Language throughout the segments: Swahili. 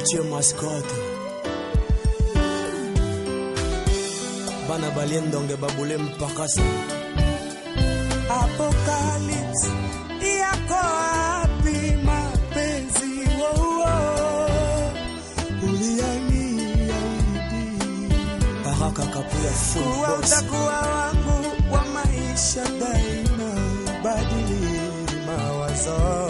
Gauthier Mascotte bana baliendonge babule mpakasa apokalipsi yako api mapenzi wouo uliania ulidi baraka kapuya fuwa utakuwa wangu wa maisha daima badili mawazo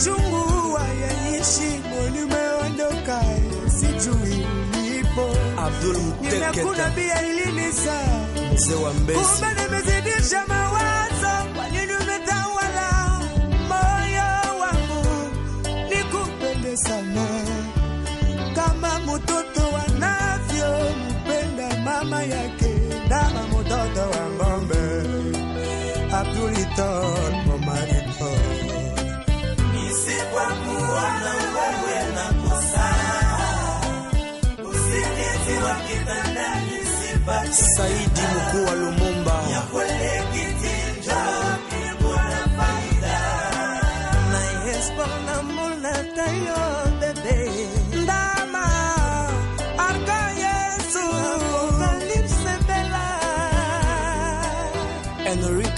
Machungu hayaishi moyoni, umeondoka sijui ulipo. Abdul Mteketa, nimekuna bia ilini mzee wa Mbezi, kumbe nimezidisha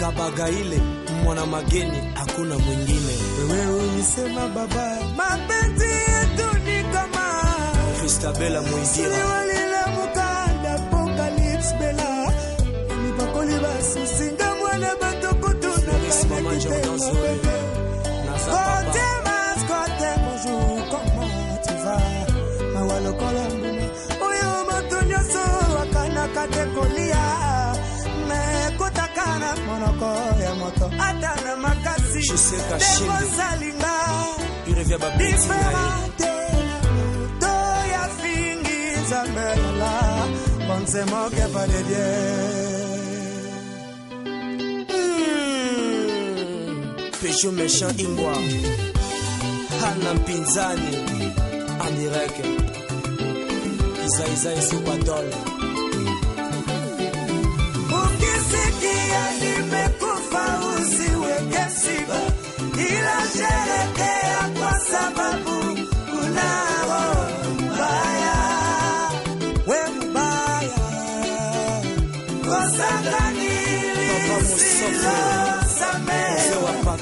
kabaga ile mwana mageni hakuna mwingine wewe ulisema baba mapenzi yetu ni kama Christabella Muidira walila mukanda ponga lips bela nipakoli basusinga mwana batokutu na kana kitema moko ya moto ata na makasi ekozalinga diferante to ya fingi nzambe lola bonse moke padedie mmh. pejo méchant imbwa hana mpinzani andireke izaizai supatole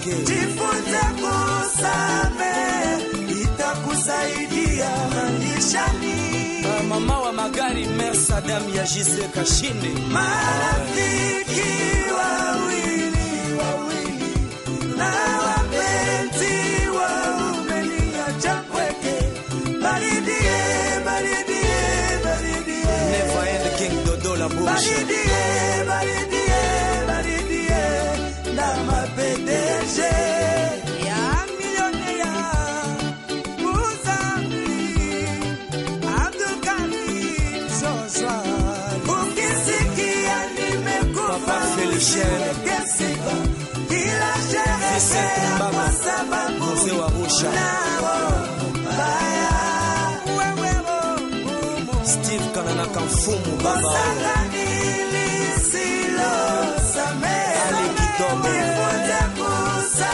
wake. Jifunze kusamehe, itakusaidia maishani. Mama wa magari Mersa, ya Jise Kashinde, marafiki wa Rochelle, mzee wa Arusha,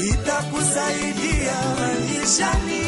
itakusaidia maishani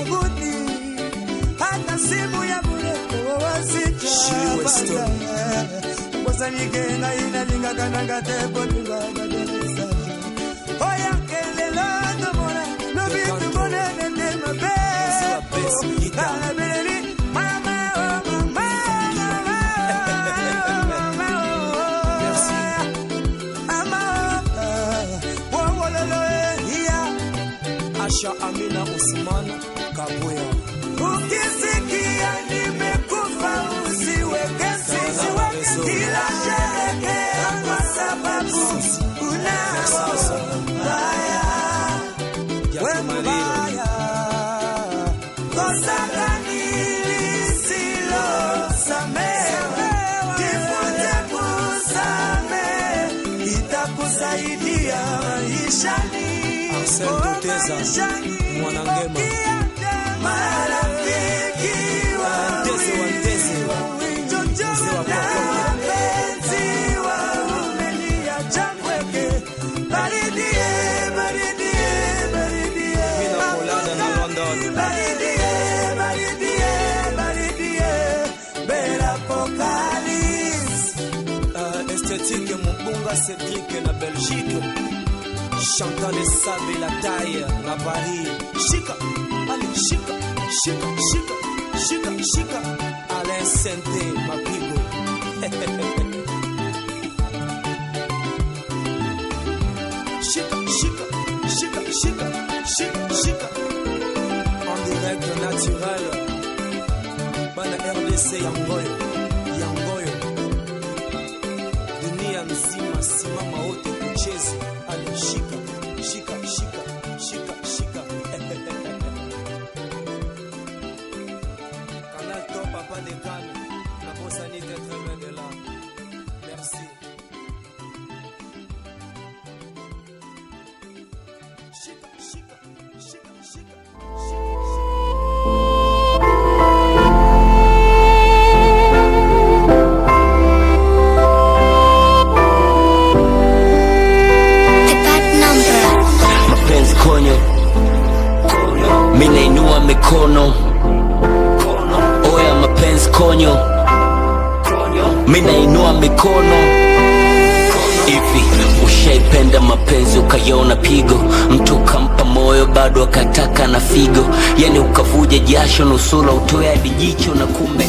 jili weston bozanike ngai nalingaka nanga te kolingana Kristo, kwa sababu unao haya we mbaya, kosa gani itakusaidia maishani, maishani chic. Chantant les sables et la taille, la barrière, Chica, allez, chica, chica, chica, chica, chica Allez Sainté, ma bigo. Chica, chica, chica, chica, chic, chic. En direct naturel. Bana RDC is ulipenda mapenzi ukayona pigo, mtu ukampa moyo bado akataka na figo, yani ukavuja jasho nusura utoe hadi jicho na kumbe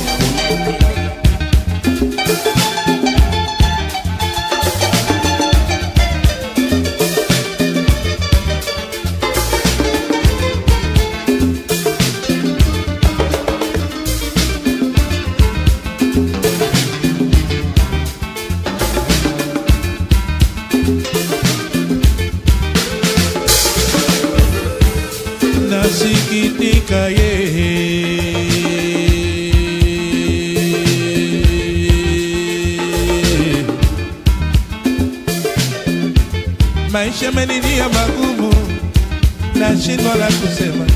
atasikitika yeye. Maisha ameninia magumu na la kusema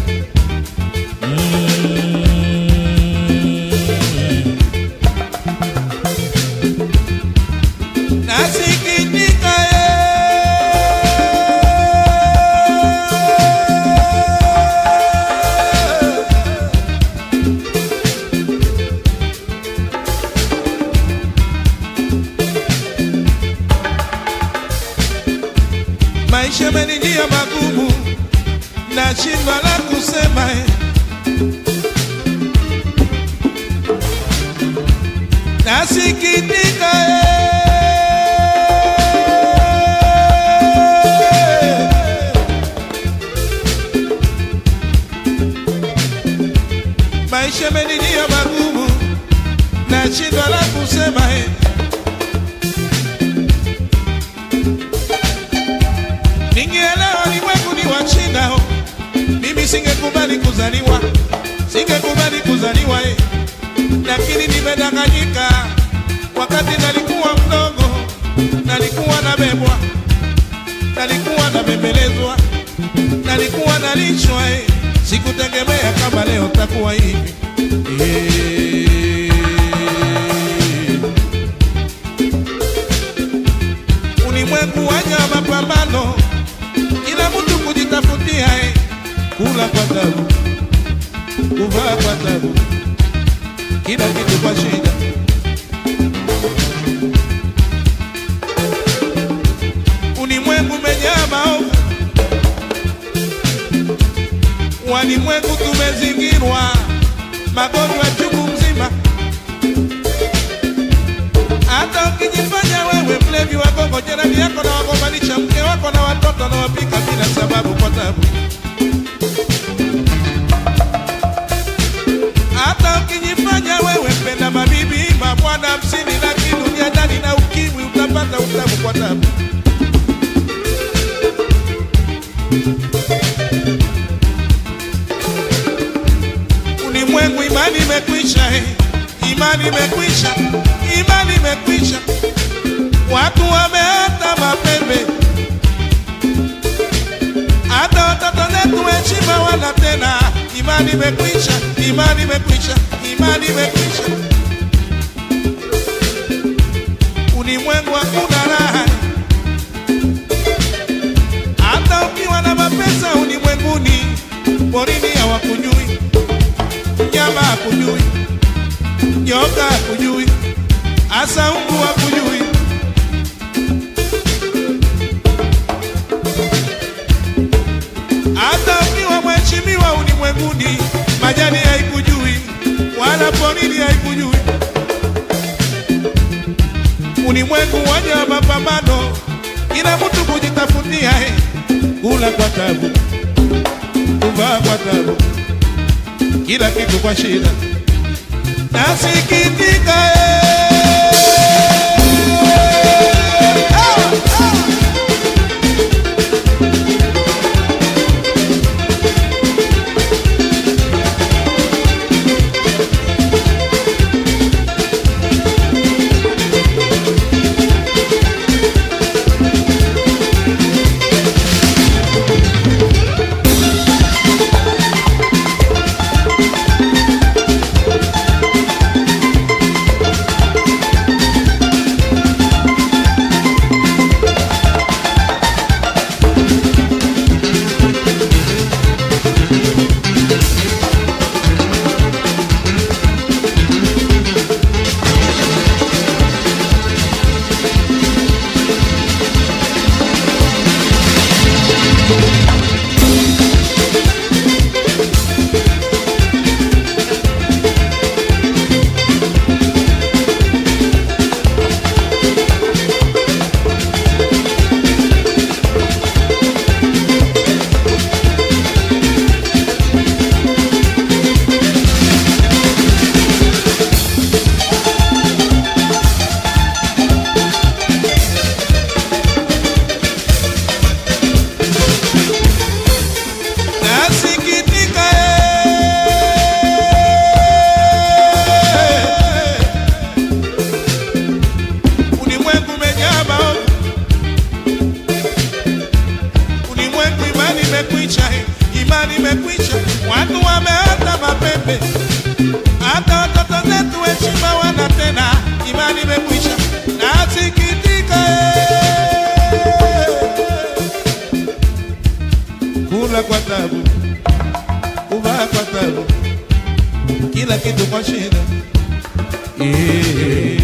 maisha amenilia magumu, nashindwa la kusema he. Ningeelewa ulimwengu ni wa China, mimi singekubali kuzaliwa, singekubali kuzaliwa he. Lakini nimedanganyika, wakati nalikuwa mdogo, nalikuwa nabebwa, nalikuwa nabembelezwa, nalikuwa nalishwa he sikutegemea kama leo takuwa hivi yeah. Ulimwengu waja wa mapambano, kila mtu kujitafutia, eh. kula kwa tabu, kuvaa kwa tabu, kila kitu kwa shida walimwengu tumezingirwa magonjwa chungu mzima, hata ukijifanya wewe mlevi gogo, jirani yako na wagombanisha, mke wako na watoto na wapika bila sababu kwa tabu. Hata ukijifanya wewe mpenda mabibi, mabwana, msini lakini kidunia na ukimwi, utapata utamu kwa tabu. ulimwengu, imani imekwisha, eh. imani imekwisha, imani imekwisha, watu wameata mapembe, hata watoto zetu heshima wala tena. Imani imekwisha, imani imekwisha, imani imekwisha, ulimwengu hakuna raha, hata ukiwa na mapesa ulimwenguni, porini hawakunyua baba hakujui, nyoka hakujui, hasa mbu hakujui. Hata ukiwa mheshimiwa ulimwenguni, majani haikujui wala porini haikujui. Ulimwengu waja wa mapambano, ila mtu kujitafutia, eh. kula kwa tabu, kuvaa kwa tabu kila kitu kwa shida na sikitika, eh. morrer.